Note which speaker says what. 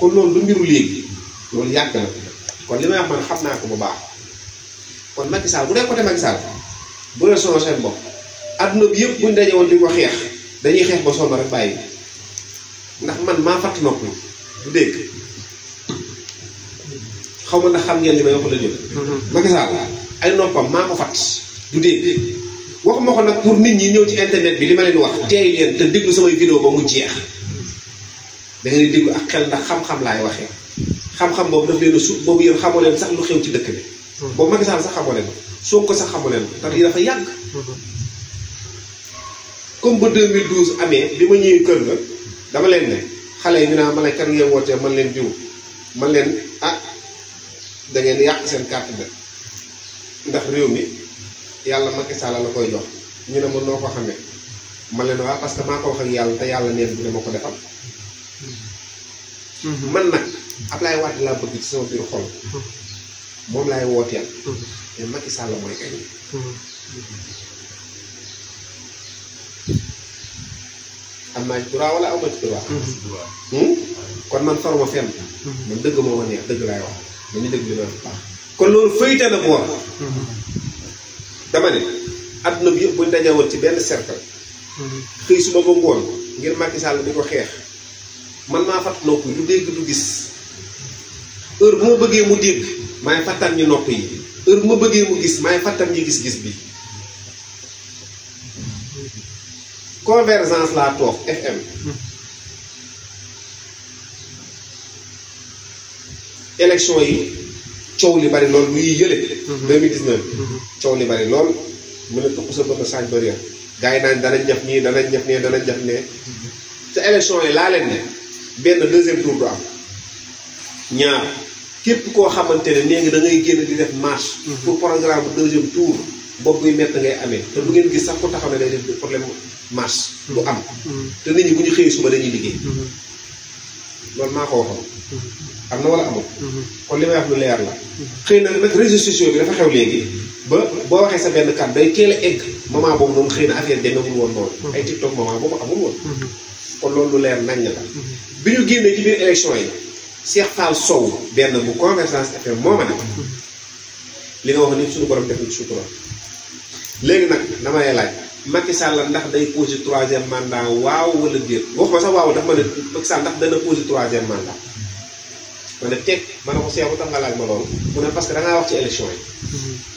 Speaker 1: kon loolu du mbiru léegi loolu yàgg na kon li may wax man xam naa ko bu baax kon Macky Sall bu dee côté Macky Sall bu dee sonal seen bopp àdduna bi yëpp buñ daje di ko xeex dañuy xeex ba sonn ndax man maa fàtt nopp dégg xaw ma ndax xam ngeen li may wax la ñu. Mm-hmm. Macky Sall ay noppam maa ko fàtt du dégg waxuma ko nag pour nit ñi ñëw ci internet bi li ma leen wax teey leen te déglu samay vidéo ba mu jeex. da di déglu ak xel ndax xam-xam laay waxee xam-xam boobu daf leen a suuf boobu yéen xamoo leen sax lu xew ci dëkk bi. Hmm. boobu Macky Sall sax xamoo leen soo ko sax xamoo leen ndax yi dafa yàgg. Hmm. comme ba 2012 amee bi ma ñëwee kër ga dama leen ne xale yi ñu naan ma ne kan ngeen wootee man leen jiw man leen ah da ngeen yàq seen carte de ndax réew mi yàlla Macky Sall la ñu ne ma noo ko xamee ma leen waa parce que maa ko wax ak yàlla te yàlla neen bi dama ko defal. Mhm. man nag Ablaye Wade laa bëgg ci sama biir xol. Mhm. moom laay wooteel. Mhm. mais Macky Sall mooy kañ. am naa ci droit wala aw ma ci hmm? dëgg moo ma neex dëgg laay wax dañuy dëgg li ma wax baax. kon loolu fëyte la boor. dama ne adduna bi yëpp buñ dajewoon ci benn cercle. xëy suba ba ngoon ngir Macky Sall di ko xeex. man maa fat nopp yi du dégg du gis heure bu ma bëggee mu dégg maay fàttal ñu nopp yi heure bu ma bëggee mu gis maay fàttal ñu gis-gis bi convergence laa toog FM élection yi coow li bari lool mu yi yële 2019 mhm. mhm. coow li bari lool mu a toq sa bët a saaj bariya gars yi naan danañ def nii danañ def nii danañ def ne mhm. te élection yi laa leen ne benn deuxième tour du am ñaar képp koo xamante ne nee nga da ngay génn di def marche. Mhm. pour programme deuxième tour boobu buy métti ngay amee mhm. te du ngeen gis sax ku taxaw ne day def problème marche mhm. du am. te nit ñi bu ñu xëyee suba dañuy liggéey. loolu maa ko waxoon. am na wala amul. kon li may wax lu leer la. xëy na nag réseaux sociaux bi dafa xew léegi ba boo waxee sa benn kàddu day teel a egg moment boobu moom xëy na affaire demewul woon noonu. ay TikTok moment boobu amul woon. kon loolu lu leer nañ la. bi ñu génnee ci biir élection yi Cheikh Fall Sow benn bu Convergence FM mooma nag li nga wax ni suñu borom def na ci léegi nag dama lay laaj Macky la ndax day posé troisième mandat waaw wala déet waxuma sax waaw dafa ma ne Macky Sall ndax dana posé troisième mandat ma ne teg ma ne ko Cheikh bu tax nga laaj ma loolu mu ne parce que da wax ci élection yi. Mm-hmm.